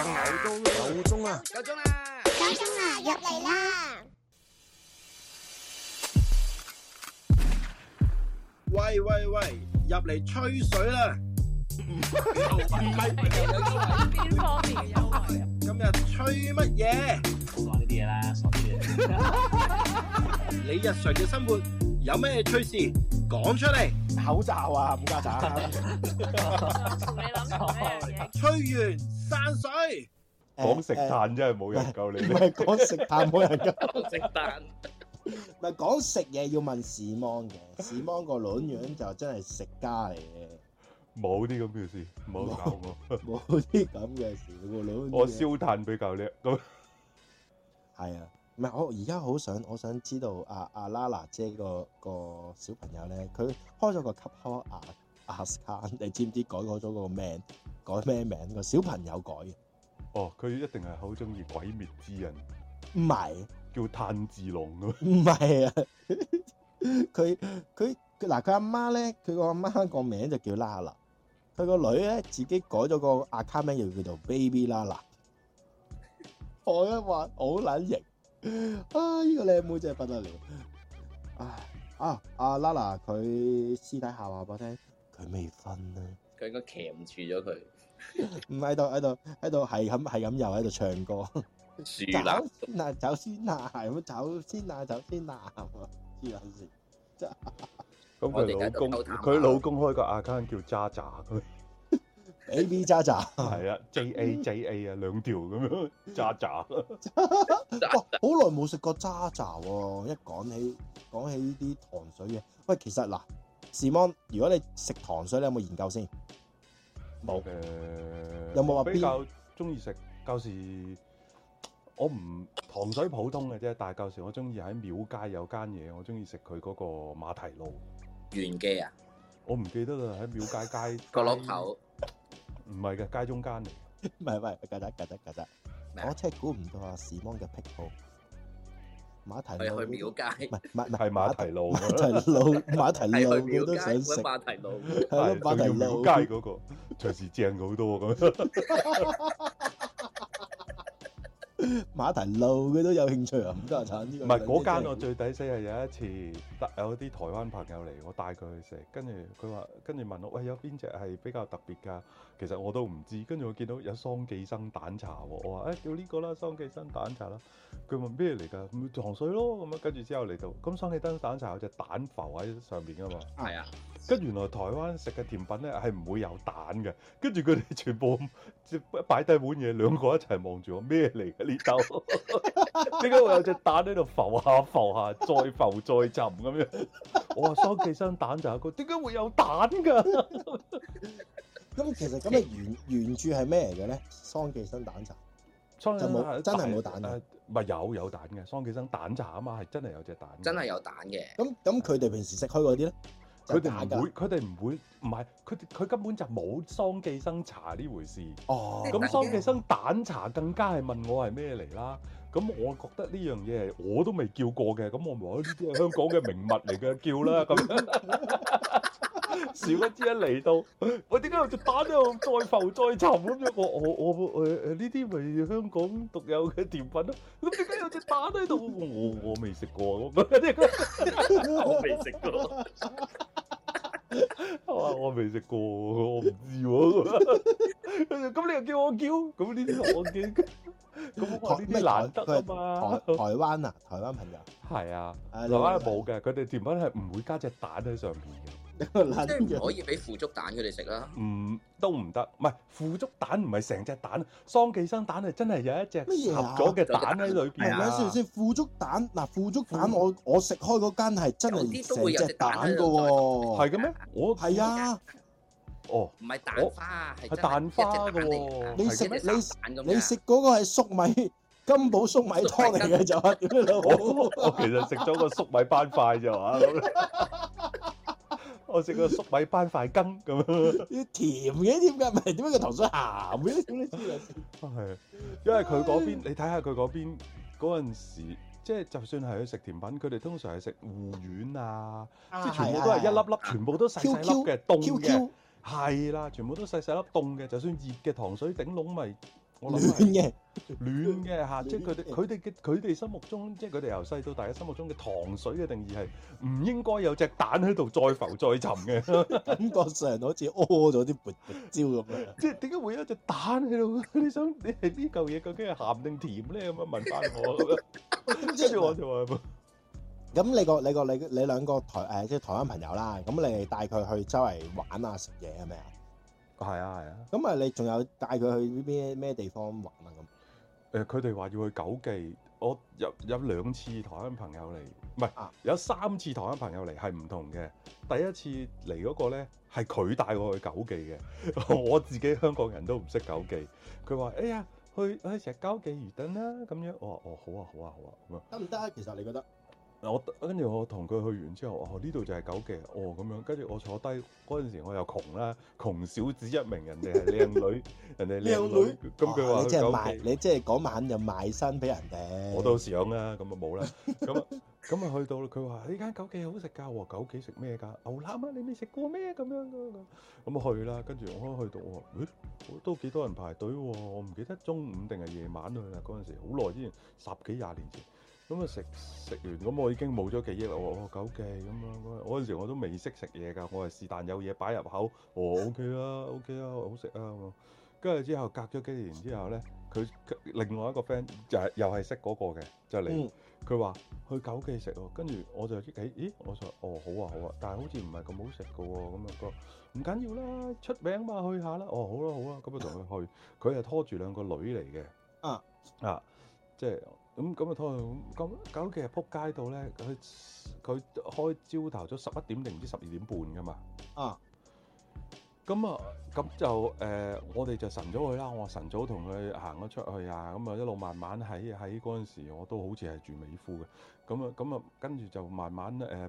夠鐘啊！夠鐘啊！夠鐘啊！入嚟啦！喂喂喂！入嚟吹水啦！唔係邊方面嘅優惠啊？今日吹乜嘢？冇講呢啲嘢啦，傻豬！你日常嘅生活。有咩趣事講出嚟？口罩啊，冚家鏟，你諗吹完散水，講食炭真係冇人救你，唔講、欸欸、你食炭冇人夠 食炭，唔係講食嘢要問市芒嘅，市芒個卵樣就真係食家嚟嘅，冇啲咁嘅事，冇搞冇啲咁嘅事喎老，我燒炭比較叻，咁係啊。唔係，我而家好想我想知道阿阿、啊啊、拉娜姐個個小朋友咧，佢開咗個 Capcore 阿阿 Scan，你知唔知改改咗個名？改咩名？個小朋友改嘅。哦，佢一定係好中意鬼滅之人。唔係，叫炭治郎。唔係啊，佢佢嗱，佢阿媽咧，佢個阿媽個名就叫拉娜，佢個女咧自己改咗個阿、啊、卡名名叫，名，又叫做 Baby 拉娜。我一話好撚型。啊！呢、這個靚妹真係不得了。啊啊阿 Lala 佢私底下話俾我聽，佢未分啊。佢應該鉗住咗佢。唔喺度喺度喺度係咁係咁又喺度唱歌。樹 懶了，走先啦，走先啦，係咁走先啦，走先啦。咁 佢 老公佢老，老公開個 account 叫渣渣佢。 A B 渣渣係啊，J A J A 啊，兩條咁樣渣渣。 喘喘 哇，好耐冇食過渣渣喎！一講起講起呢啲糖水嘅，喂，其實嗱，Simon 如果你食糖水，你有冇研究先？冇。Okay. 嗯、有冇話比較中意食？舊時我唔糖水普通嘅啫，但係舊時我中意喺廟街有間嘢，我中意食佢嗰個馬蹄露。原記啊？我唔記得啦，喺廟街街角落頭。 街 唔係嘅，街中間嚟，唔係唔係，格仔格仔格仔，我真係估唔到阿史芒嘅癖好，馬蹄路去廟街，唔係馬係馬蹄路，馬蹄路馬蹄路，我都想食馬蹄路，係馬蹄路廟街嗰個，隨時正好多喎咁。馬蹄露佢都有興趣啊，咁多產呢個唔係嗰間我最抵食係有一次帶有啲台灣朋友嚟，我帶佢去食，跟住佢話，跟住問我喂，有邊隻係比較特別噶？其實我都唔知，跟住我見到有桑寄生蛋茶喎，我話誒，叫呢個啦，桑寄生蛋茶啦。佢問咩嚟噶？糖水咯咁樣，跟住之後嚟到，咁桑寄生蛋茶有隻蛋浮喺上面噶嘛？係啊、哎。跟原來台灣食嘅甜品咧係唔會有蛋嘅，跟住佢哋全部擺低碗嘢，兩個一齊望住我，咩嚟嘅呢兜？點解 會有隻蛋喺度浮下浮下，再浮再浸咁樣？我話桑寄生， 生蛋茶，點解會有蛋㗎？咁其實咁嘅原原著係咩嚟嘅咧？桑寄生蛋茶就冇真係冇蛋嘅，唔有有蛋嘅桑寄生蛋茶啊嘛，係真係有隻蛋，真係有蛋嘅。咁咁佢哋平時食開嗰啲咧？佢哋唔會，佢哋唔會，唔係，佢佢根本就冇桑寄生茶呢回事。哦，咁桑寄生蛋茶更加係問我係咩嚟啦？咁我覺得呢樣嘢我都未叫過嘅，咁我咪話呢啲係香港嘅名物嚟嘅， 叫啦咁樣。 少一啲一嚟到，我點解有隻蛋喺度再浮再沉咁樣？我我我誒誒，呢啲咪香港獨有嘅甜品咯？咁點解有隻蛋喺度？哦，我我未食過，我未食過，我未食過，我唔知喎。咁你又叫我叫？咁呢啲我叫，咁話呢啲難得啊嘛？台灣啊，台灣朋友？係啊，台灣係冇嘅，佢哋甜品係唔會加隻蛋喺上邊嘅。即係唔可以俾腐竹蛋佢哋食啦，唔都唔得，唔係腐竹蛋唔係成隻蛋，桑寄生蛋啊，真係有一隻合咗嘅蛋喺裏邊啊！係咪先？腐竹蛋嗱，腐竹蛋我我食開嗰間係真係成隻蛋噶喎，係嘅咩？我係啊，哦，唔係蛋花，係蛋花噶，你食你食嗰個係粟米金寶粟米湯嚟嘅，就點咧？我我其實食咗個粟米斑塊就話。我食個粟米班塊羹咁樣，要甜嘅點解？唔係點解個糖水鹹嘅咧？咁你知啦，係，因為佢嗰邊，你睇下佢嗰邊嗰陣時，即係就算係去食甜品，佢哋通常係食芋圓啊，即係全部都係一粒粒，全部都細細粒嘅凍嘅，係啦，全部都細細粒凍嘅，就算熱嘅糖水頂籠咪。我亂嘅，亂嘅嚇，即係佢哋，佢哋嘅，佢哋心目中，即係佢哋由細到大嘅心目中嘅糖水嘅定義係唔應該有隻蛋喺度再浮再沉嘅，感覺上好似屙咗啲撥蕉咁樣！即係點解會有隻蛋喺度？你想你係呢嚿嘢究竟係鹹定甜咧？咁樣問翻我跟住 我就話咁 。咁你個你個你你兩個台誒即係台灣朋友啦，咁你帶佢去周圍玩啊食嘢係咪啊？係啊，係啊，咁啊你仲有帶佢去呢邊咩地方玩啊咁？誒、呃，佢哋話要去九記，我有有兩次台灣朋友嚟，唔係有三次台灣朋友嚟，係唔同嘅。第一次嚟嗰個咧係佢帶我去九記嘅， 我自己香港人都唔識九記，佢話：哎呀，去去成日交記魚墩啦咁樣。我話：哦好啊好啊好啊咁樣。得唔得啊？其實你覺得？我跟住我同佢去完之後，哦呢度就係九記，哦咁樣。跟住我坐低嗰陣時，我又窮啦，窮小子一名，人哋係靚女， 人哋靚女。咁佢話：你即係賣，你即係嗰晚又賣身俾人哋。我都想啦、啊，咁啊冇啦。咁啊咁啊去到啦，佢話：呢間九記好食㗎，九記食咩㗎？牛腩啊，你未食過咩？咁樣㗎。咁去啦，跟住我去到，我話：誒，都幾多人排隊喎、哦？我唔記得中午定係夜晚去啊。嗰陣時好耐之前，十幾廿年前。咁啊食食完咁，我已經冇咗記憶啦！我九記咁樣，嗰陣時我都未識食嘢㗎，我係是但有嘢擺入口，哦 O K 啦，O K 啦，好食啊！咁跟住之後隔咗幾年之後咧，佢另外一個 friend 就係又係識嗰個嘅，就嚟佢話去九記食喎，跟住我就啲起，咦，我就哦好啊好啊，但係好似唔係咁好食嘅喎，咁啊講唔緊要啦，出名嘛去下啦，哦好啦好啦，咁啊同佢去，佢係拖住兩個女嚟嘅，啊啊即係。就是咁咁啊，拖咁九記啊，撲街度咧，佢佢開朝頭早十一點定至十二點半噶嘛？啊！咁啊，咁就誒，我哋就晨早去啦。我話晨早同佢行咗出去啊，咁啊一路慢慢喺喺嗰陣時，我都好似係住美孚嘅。咁啊咁啊，跟住就慢慢誒踱、呃、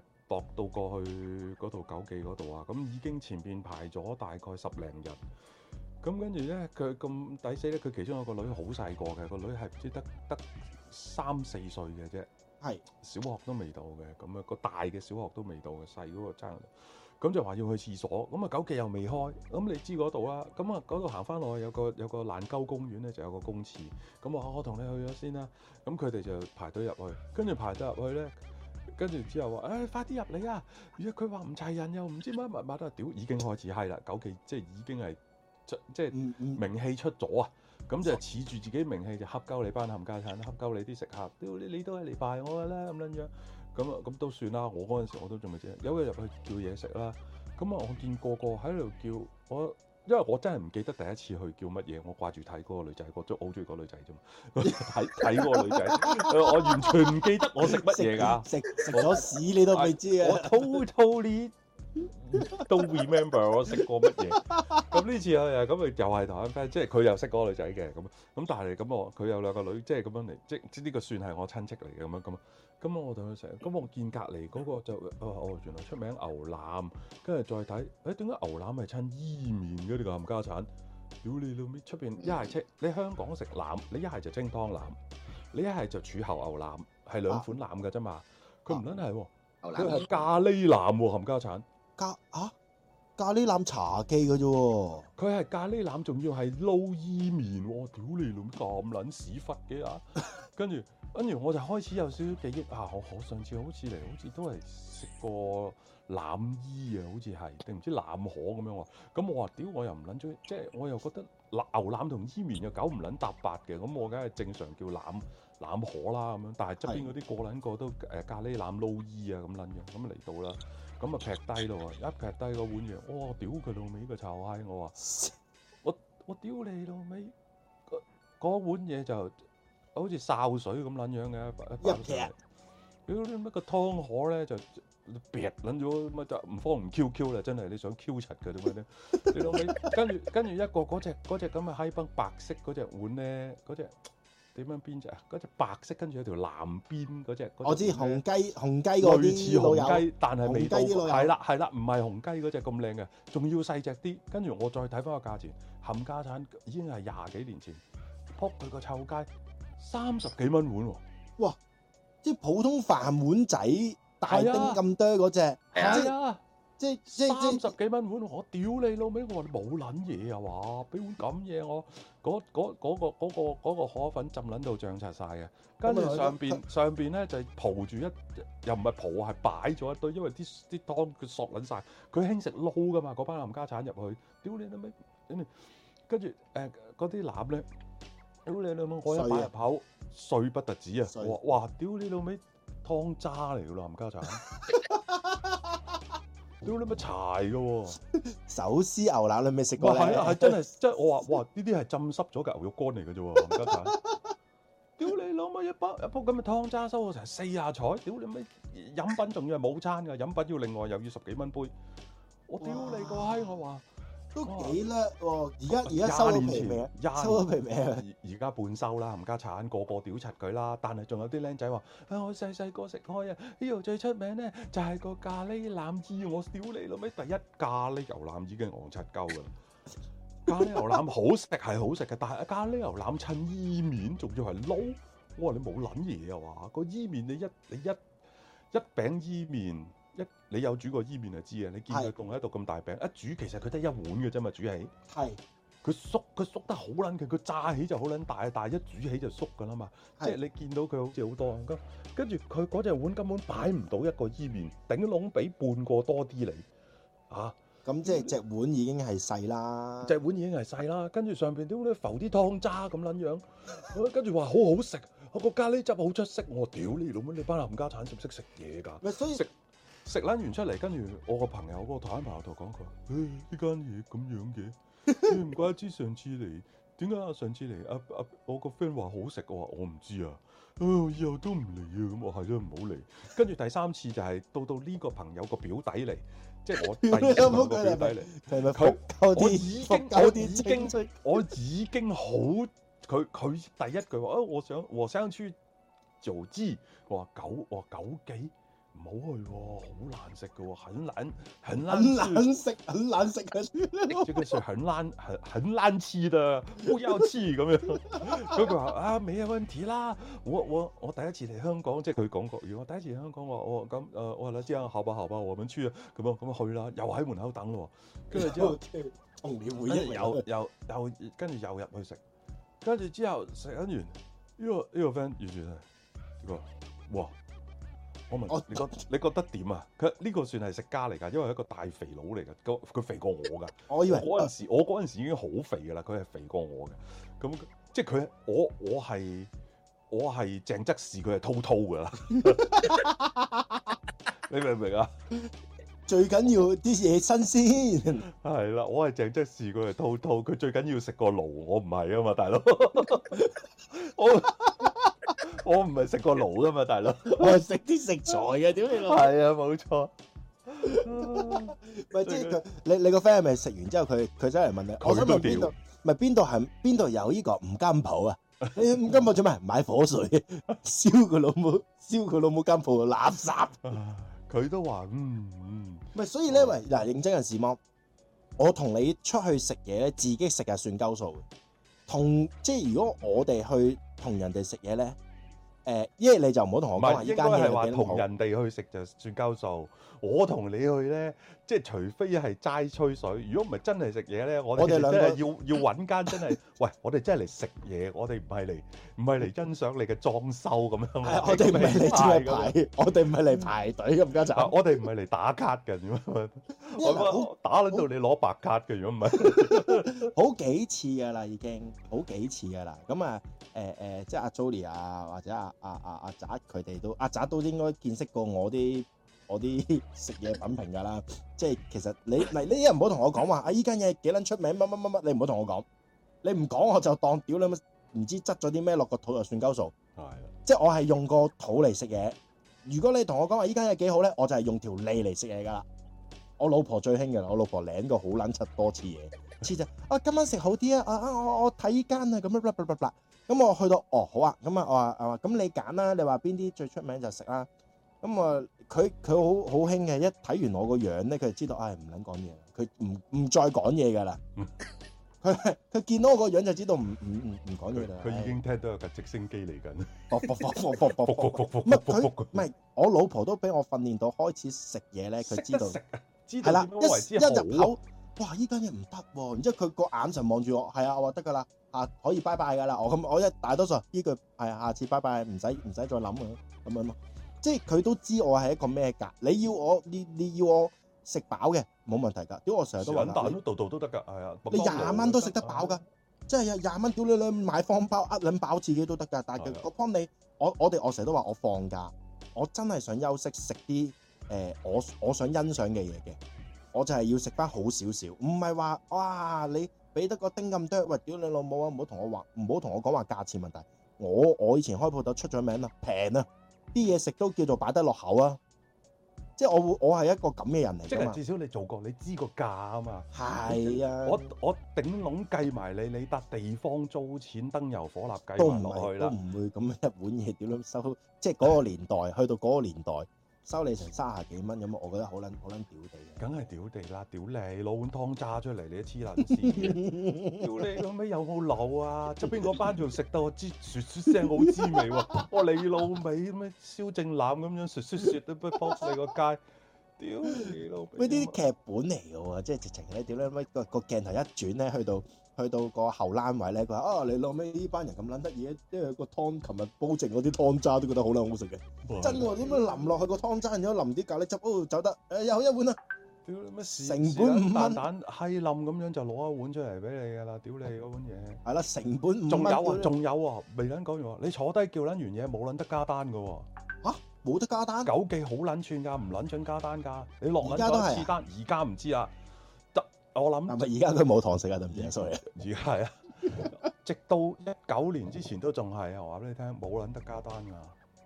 到過去嗰度九記嗰度啊。咁已經前邊排咗大概十零日。咁跟住咧，佢咁抵死咧。佢其中有一個女好細個嘅，個女係唔知得得三四歲嘅啫，係是小學都未到嘅。咁啊，個大嘅小學都未到嘅，細嗰個爭。咁就話要去廁所，咁啊九記又未開。咁、嗯、你知嗰度啦。咁啊嗰度行翻落去有個有個爛鳩公園咧，就有個公廁。咁、嗯、我我同你去咗先啦、啊。咁佢哋就排隊入去，跟住排隊入去咧，跟住之後話，誒、哎、快啲入嚟啊！佢話唔齊人又唔知乜乜乜都係，屌已經開始閪啦，九記即係已經係。即係名氣出咗啊！咁、嗯嗯、就恃住自己名氣就黑鳩你班冚家鏟，黑鳩你啲食客，屌你，你都係嚟拜我㗎啦咁樣樣。咁啊咁都算啦。我嗰陣時我都仲未知，有嘢入去叫嘢食啦。咁啊，我見個個喺度叫，我因為我真係唔記得第一次去叫乜嘢，我掛住睇嗰個女仔，我中我好中意嗰個女仔啫嘛。睇睇嗰個女仔， 我完全唔記得我食乜嘢㗎，食食咗屎你都未知啊！ 我吐吐你。都 remember 我食過乜嘢？咁呢次、嗯、又又咁咪又係台灣，即係佢又識嗰個女仔嘅咁。咁但係咁我佢有兩個女，即係咁樣嚟，即即呢個算係我親戚嚟嘅咁樣咁。咁我同佢食，咁我見隔籬嗰個就我哦，哦，原來出名牛腩，跟住再睇，誒，點解牛腩係襯伊麵嘅？呢啲冚家鏟，屌、嗯、你老味！出邊一係即你香港食腩，你一係就清湯腩，你一係就柱侯牛，牛腩，係兩款腩嘅啫嘛。佢唔卵係，佢係咖喱腩，腩，冚家鏟。咖咖喱腩茶記嘅啫喎，佢係咖喱腩，仲要係撈伊麵喎！屌你老咁撚屎忽嘅啊！跟住跟住我就開始有少少記憶啊！我我上次好似嚟，好似都係食過腩伊啊，好似係定唔知腩河咁樣喎。咁我話屌我又唔撚中意，即係我又覺得牛腩同伊麵又搞唔撚搭八嘅，咁我梗係正常叫腩腩河啦咁樣。但係側邊嗰啲個撚個都誒咖喱腩撈伊啊咁撚樣，咁嚟到啦。咁啊劈低咯，一劈低個碗嘢，哇、哦，屌佢老味個臭閪！我話：我我屌你老味，嗰、嗰、碗嘢就好似潲水咁撚樣嘅一一撇，屌你乜個湯河咧就撇撚咗，咪就唔方唔 Q Q 啦！真係你想 Q 柒嘅點嘛？咧？你老味，跟住跟住一個嗰隻嗰隻咁嘅閪崩白色嗰隻碗咧嗰隻。嗰點樣編隻啊？嗰隻白色跟住有條藍邊嗰隻，隻我知紅雞紅雞嗰啲類似紅雞，紅雞但係未到。係啦係啦，唔係紅雞嗰隻咁靚嘅，仲要細隻啲。跟住我再睇翻個價錢，冚家產已經係廿幾年前，撲佢個臭街，三十幾蚊碗喎！啊！哇！即係普通飯碗仔大丁咁多嗰隻，係啊的！的即三十幾蚊碗，我屌你老味！我話你冇撚嘢啊！話俾碗咁嘢我，嗰嗰嗰個河粉浸撚到漲拆晒嘅，跟住上邊上邊咧就係鋪住一，又唔係蒲，蒲，啊，係擺咗一堆，因為啲啲湯佢索撚晒，佢興食撈噶嘛，嗰班冚家鏟入去，屌你老味！跟住跟住嗰啲腩咧，屌你老味！我一擺入口，的碎不特止啊碎！哇屌你老味，湯湯渣嚟嘅冚家鏟。 屌你咪柴嘅， 手撕牛腩你未食過，係啊係真係，即係我話哇呢啲係浸濕咗嘅牛肉乾嚟嘅啫，唔得，屌你老母一包一煲咁嘅湯渣收我成四下彩，屌你咪飲品仲要係冇餐嘅，飲品要另外又要十幾蚊杯，我屌你個閪哇我話。都幾叻喎！而家而家收年皮名，收咗名。而而家半收啦，冚家鏟個個屌柒佢啦。但係仲有啲靚仔話，啊， 我細細個食開啊，呢度最出名咧就係個咖喱腩意，我屌你老味，第一咖喱牛腩已經戇柒鳩㗎啦。 咖喱牛腩好食係好食嘅，但係咖喱牛腩襯意麵仲要係撈，我話你冇諗嘢啊嘛！話個意麵你一你一你一餅意麵。你有煮過伊麵就知啊！你見佢凍喺度咁大餅，是一煮其實佢得一碗嘅啫嘛，煮起係佢是縮佢縮得好撚嘅，佢炸起就好撚大啊！但係一煮起就縮噶啦嘛。即係是你見到佢好似好多咁，跟住佢嗰隻碗根本擺唔到一個伊麵，頂籠畀半個多啲嚟啊！咁即係隻碗已經係細啦、嗯，隻碗已經係細啦。跟住上邊點都浮啲湯渣咁撚樣， 跟住話好好食，個咖喱汁好出色。我屌你老母，你班冚家鏟仲識食嘢㗎？所以食。食撚完出嚟，跟住我個朋友個台喺埋我度講佢，呢間嘢咁樣嘅，你、哎、唔怪得之上次嚟點解啊？上次嚟阿阿我個 friend 話好食，我話我唔知啊，啊我我我、哎、我以後都唔嚟啊，咁、嗯、我係啦，唔好嚟。跟住第三次就係、是、到到呢個朋友個表弟嚟，即係我朋友個表弟嚟，佢我已經我已經我已經好，佢佢第一句話啊、哎，我想和生出做豬，我話九我話九幾。唔好去喎，好難食嘅喎，很難，很難，很難食，很難食嘅。即係佢說很難，很很難黐啦，好要黐咁樣。咁佢話啊，冇有問題啦。我我我第一次嚟香港，即係佢講國語如果第一次香港話，我咁誒、嗯呃，我話啦，之後喉吧喉吧咁黐啊，咁樣咁去啦，又喺門口等咯。跟住之後，同你會議又又又跟住又入去食，跟住之後食緊完，呢、這個呢、這個 friend 完全係呢哇。我明，你覺你覺得點啊？佢呢個算係食家嚟㗎，因為係一個大肥佬嚟㗎，佢肥過我㗎。我以為嗰陣時，我嗰陣時已經好肥㗎啦。佢係肥過我㗎。咁即係佢，我我係我係鄭則仕，佢係滔滔㗎啦。 你明唔明啊？最緊要啲嘢新鮮。係啦， 我係鄭則仕，佢係滔滔。佢最緊要食個爐，我唔係啊嘛，大佬.。 我唔係食個腦噶嘛，大佬， 我係食啲食材嘅，屌你老母。係啊 沒錯，冇 錯道。咪即係你你個 friend 咪食完之後，佢佢走嚟問你，我想問邊度？咪邊度係邊度有呢、這個五金鋪啊？五金鋪做咩？買火水、啊，燒 佢老母，燒佢老母金鋪垃圾。佢 都話嗯。唔咪 所以咧，喂嗱，認真人士麼？我同你出去食嘢咧，自己食係算鳩數。同即係如果我哋去同人哋食嘢咧。誒，因為、呃、你就唔好同我講依一間嘢嘅。唔係，應該係話同人哋去食就算交數。嗯、我同你去咧。即係除非係齋吹水，如果唔係真係食嘢咧，我哋兩個要要揾間真係，喂，我哋真係嚟食嘢，我哋唔係嚟，唔係嚟欣賞你嘅裝修咁樣。我哋唔係嚟排，我哋唔係嚟排隊，咁家我哋唔係嚟打卡嘅。點啊？打喺到你攞白卡嘅，如果唔係，好幾次㗎啦，已經好幾次㗎啦。咁啊，誒誒，即係阿 j o l i a 或者阿阿阿阿澤佢哋都，阿澤都應該見識過我啲。我啲食嘢品評噶啦，即係其實你嚟呢啲人唔好同我講話啊！依間嘢幾撚出名乜乜乜乜，你唔好同我講，你唔講我就當屌你！唔知執咗啲咩落個肚就算鳩數，係即係我係用個肚嚟食嘢。如果你同我講話依間嘢幾好咧，我就係用條脷嚟食嘢噶啦。我老婆最興嘅啦，我老婆舐過好撚七多次嘢，次就啊今晚食好啲啊我我 blah blah blah blah 啊我我睇依間啊咁樣啦啦啦啦咁我去到哦好啊咁啊我話啊咁、啊、你揀啦，你話邊啲最出名就食啦。咁啊，佢佢好好興嘅，一睇完我個樣咧，佢就知道唉，唔撚講嘢，佢唔唔再講嘢噶啦。佢佢見到我個樣就知道唔唔唔唔講嘢啦。佢已經聽到個直升機嚟緊。唔係，我老婆都俾我訓練到開始食嘢咧，佢知道。知道。係啦，一一入口，哇！依間嘢唔得喎。然之後佢個眼神望住我，係啊，我話得噶啦，啊可以拜拜噶啦。我咁，我一大多數呢句係啊，下次拜拜，唔使唔使再諗啊，咁樣咯。即係佢都知我係一個咩噶？你要我你你要我食飽嘅冇問題㗎。屌我成日都揾大咯，你度度都得㗎，係、嗯、啊。你廿蚊都食得飽㗎，即係廿廿蚊。屌你你買方包呃兩包自己都得㗎。但係佢幫你，我我哋我成日都話我放假，我真係想休息食啲誒我我想欣賞嘅嘢嘅，我就係要食翻好少少，唔係話哇你俾得個丁咁多，喂屌你老母啊！唔好同我話，唔好同我講話價錢問題。我我以前開鋪頭出咗名啦，平啊！啲嘢食都叫做擺得落口啊！即係我會，我係一個咁嘅人嚟嘅，即係至少你做過，你知個價啊嘛。係啊，我我頂籠計埋你，你搭地方租錢、燈油火蠟計埋落去啦，都唔會咁樣一碗嘢點樣收。即係嗰個年代，的去到嗰個年代。收你成三十幾蚊咁啊！我覺得好撚好撚屌地，梗係屌地啦！屌你攞碗湯渣出嚟，你都黐撚線！屌你老味又好流啊！側邊個班仲食到我啜啜啜聲好滋味喎！你！李老味咩蕭正欖咁樣啜啜啜都不仆你個街。屌你老！呢啲劇本嚟嘅喎，即係直情咧，點咧乜個個鏡頭一轉咧，去到去到個後欄位咧，佢話啊，你落尾呢班人咁撚得意，因為個湯琴日煲剩嗰啲湯渣都覺得好撚好食嘅。來真喎，點樣淋落去個湯渣，然後淋啲咖喱汁，哦走得，誒、哎、又一碗啦。屌你乜事？成本五蚊。蛋閪淋咁樣就攞一碗出嚟俾你㗎啦！屌你嗰碗嘢。係啦，成本五蚊。仲有啊，仲有啊，未撚講完喎。你坐低叫撚完嘢冇撚得加單㗎喎、啊。冇得加單，九記好撚串㗎，唔撚準加單㗎。你落撚咗一次單，而家唔知啊。得我諗，唔係而家都冇堂食啊，定唔 知啊？所以而家係啊，直到一九年之前都仲係啊！我話俾你聽，冇撚得加單㗎。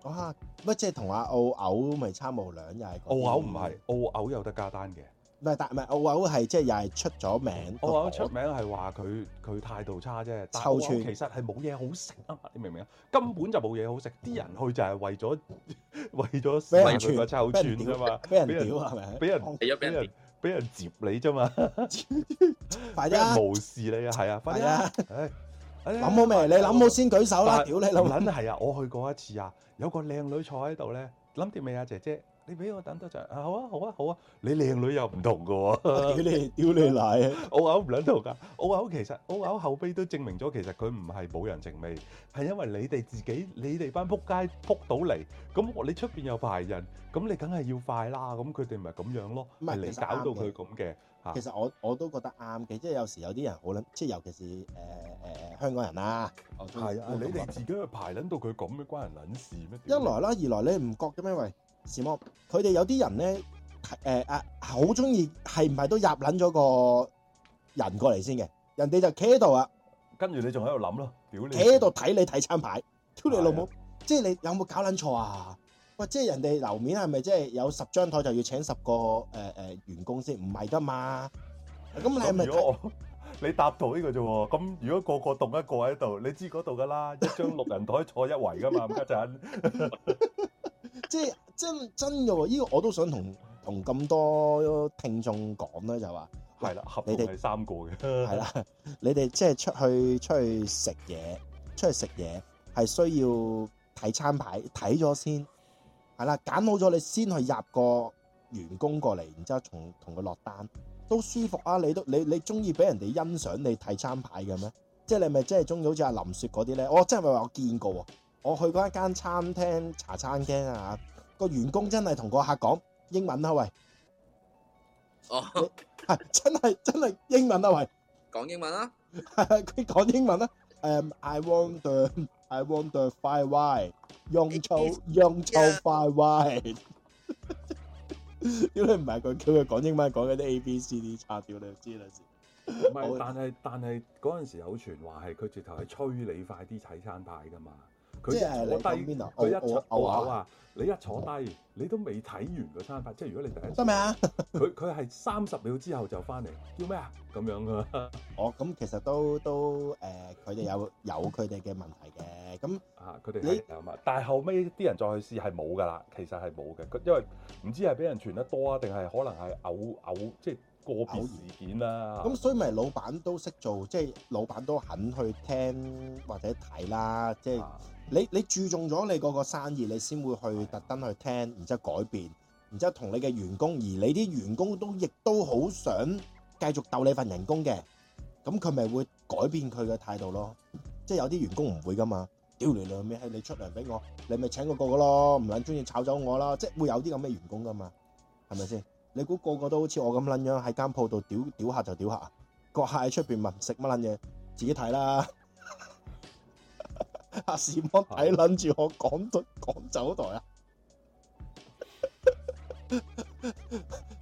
哇、啊！乜即係同阿澳牛咪差唔多兩又係？澳牛唔係，澳牛有得加單嘅。唔係，但唔係，我我係即係又係出咗名。我講出名係話佢佢態度差啫。臭串，其實係冇嘢好食啊嘛，你明唔明啊？根本就冇嘢好食，啲人去就係為咗為咗俾人臭串啫嘛，俾人屌係咪？俾人俾人俾人接你啫嘛，俾人無視你啊，係啊，快啲啊！誒，諗好未？你諗好先舉手啦！屌你，諗係啊！我去過一次啊，有個靚女坐喺度咧，諗掂未啊，姐姐？你俾我等多陣，啊好啊好啊好啊！你靚女又唔同嘅喎，屌你，屌你奶啊！澳口唔撚同噶，澳口其實澳口後輩都證明咗，其實佢唔係冇人情味，係因為你哋自己，你哋班撲街撲到嚟，咁我你出邊有排人，咁你梗係要快啦，咁佢哋咪咁樣咯，嚟你搞到佢咁嘅。其實我我都覺得啱嘅，即係有時有啲人好撚，即係尤其是誒誒誒香港人啊，係啊！你哋自己去排撚到佢咁嘅關人撚事咩？一來啦，二來你唔覺嘅咩？喂！麼？佢哋有啲人咧，誒、呃、誒，好中意係唔係都入捻咗個人過嚟先嘅？人哋就企喺度啊，跟住你仲喺度諗咯，表企喺度睇你睇餐牌，屌你老母！啊、即係你有冇搞捻錯啊？喂，即係人哋樓面係咪即係有十張台就要請十個誒誒、呃呃、員工先？唔係噶嘛？咁、啊嗯、你咪你答到呢個啫？咁如果個個動一個喺度，你知嗰度噶啦， 一張六人台坐一圍噶嘛？咁一陣，即係。真真嘅喎，依個我都想同同咁多聽眾講咧，就話係啦，的你哋們三個嘅係啦， 你哋即係出去出去食嘢，出去食嘢係需要睇餐牌，睇咗先係啦，揀好咗你先去入個員工過嚟，然之後同同佢落單都舒服啊。你都你你中意俾人哋欣賞你睇餐牌嘅咩？即係你咪即係中意好似阿林雪嗰啲咧？我、oh, 真係咪話我見過？我去過一間餐廳茶餐廳啊。個員工真係同個客講英文啦喂，哦，係真係真係英文啦喂，講英文啊，佢講英文啦，誒，I wonder, I wonder, why, 用錯用錯 why 點解唔係佢叫佢講英文講嗰啲 A B C D 拆掉你就知啦？唔係，但係但係嗰陣時有傳話係佢直頭係催你快啲睇餐牌㗎嘛。佢即係坐低邊度？佢、哦、一我話話你一坐低，哦、你都未睇完個餐牌。即係如果你第一得咩啊？佢佢係三十秒之後就翻嚟。叫咩啊？咁樣㗎。哦，咁其實都都誒，佢、呃、哋有有佢哋嘅問題嘅。咁、嗯、啊，佢哋你但後尾啲人再去試係冇㗎啦。其實係冇嘅，因為唔知係俾人傳得多啊，定係可能係偶偶即係。個別事件啦，咁所以咪老闆都識做，即係老闆都肯去聽或者睇啦。即係你你注重咗你嗰個生意，你先會去特登去聽，然之後改變，然之後同你嘅員工，而你啲員工都亦都好想繼續鬥你份人工嘅，咁佢咪會改變佢嘅態度咯。即係有啲員工唔會㗎嘛，屌你兩面，你出糧俾我，你咪請個個咯，唔撚中意炒走我啦，即係會有啲咁嘅員工㗎嘛，係咪先？你估個個都好似我咁撚樣喺間鋪度屌屌客就屌客，個客喺出邊問食乜撚嘢，自己睇啦。阿屎芒睇撚住我講台趕走台啊，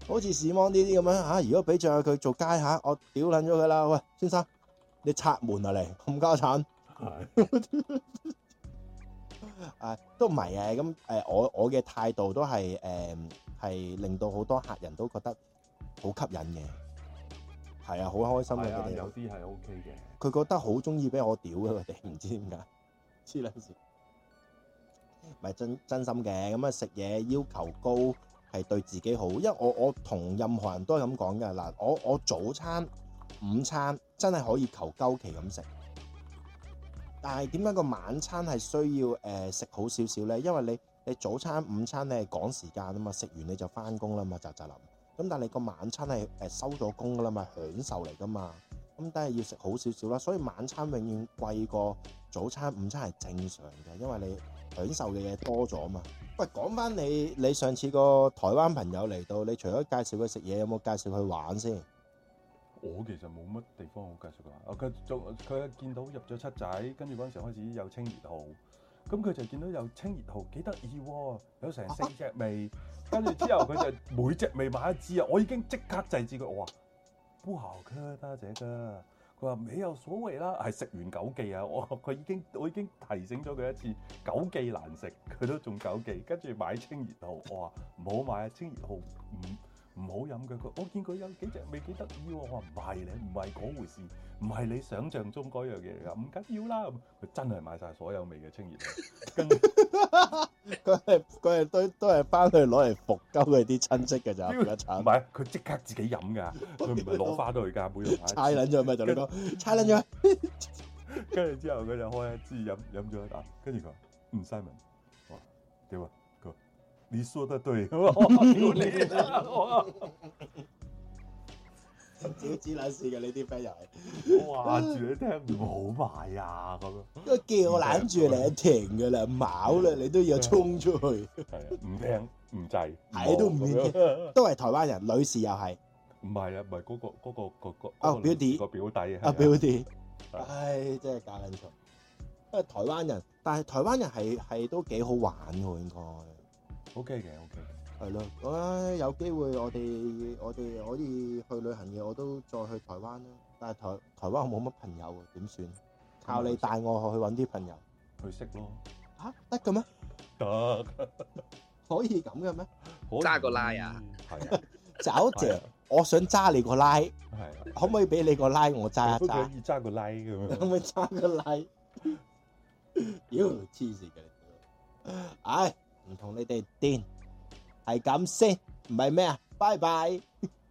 好似屎芒呢啲咁樣嚇。如果俾著佢做街嚇，我屌撚咗佢啦。喂，先生，你拆門嚟，冚家鏟。誒、啊，都唔係嘅，咁、啊、誒，我我嘅態度都係誒，係、啊、令到好多客人都覺得好吸引嘅，係啊，好開心嘅。啊、們有啲係 OK 嘅，佢覺得好中意俾我屌嘅，佢哋唔知點解。黐捻線，唔係真真心嘅，咁啊食嘢要求高，係對自己好，因為我我同任何人都係咁講嘅嗱，我我早餐、午餐真係可以求鳩期咁食。但係點解個晚餐係需要誒食、呃、好少少咧？因為你你早餐、午餐你係趕時間啊嘛，食完你就翻工啦嘛，咋咋臨。咁但係你個晚餐係誒收咗工㗎啦嘛，享受嚟㗎嘛，咁但係要食好少少啦。所以晚餐永遠貴過早餐、午餐係正常嘅，因為你享受嘅嘢多咗嘛。喂，講翻你你上次個台灣朋友嚟到，你除咗介紹佢食嘢，有冇介紹佢玩先？我其實冇乜地方好介紹㗎喎！佢仲佢一見到入咗七仔，跟住嗰陣時開始有清熱號，咁、嗯、佢就見到有清熱號幾得意喎，有成四隻味，跟住之後佢就每隻味買一支啊！我已經即刻制止佢，我話唔好嘅得嘅，佢話未有所謂啦，係食完九記啊！我佢已經我已經提醒咗佢一次，九記難食，佢都仲九記，跟住買清熱號，我話唔好買啊！清熱號唔。嗯唔好飲嘅佢，我見佢有幾隻味幾得意喎。我話唔係你唔係嗰回事，唔係你想象中嗰樣嘢嚟㗎。唔緊要啦，佢真係買晒所有味嘅清熱。佢係佢係都都係翻去攞嚟復交嘅啲親戚嘅咋。唔係，佢即可刻自己飲噶，佢唔係攞翻去噶，每日買。猜撚咗咪就你講，猜撚咗。跟住之後佢就開一支飲咗一啖，跟住佢唔使問，哇屌啊！你說得對，我屌你啦！少知撚事嘅呢啲 friend 又係，哇！絕對唔好埋啊咁，因為叫我攬住你停嘅啦，冇啦，你都要衝出去。係啊，唔聽唔制，係都唔理，都係台灣人，女士又係。唔係啊，唔係嗰個嗰個個個啊表弟個表弟啊表弟，唉真係搞緊錯。因為台灣人，但係台灣人係係都幾好玩嘅喎，應該。OK 嘅，OK 嘅，係咯。咁啊，有機會我哋我哋可以去旅行嘅，我都再去台灣啦。但係台台灣我冇乜朋友，點算？靠你帶我去揾啲朋友去識咯。嚇得㗎咩？得可以咁嘅咩？揸個拉呀！係啊，走只，我想揸你個拉。係啊，可唔可以俾你個拉我揸一揸？揸個拉咁樣。可唔可以揸個拉？妖！黐線嘅你，唉。唔同你哋癲，係咁先，唔係咩啊，拜拜。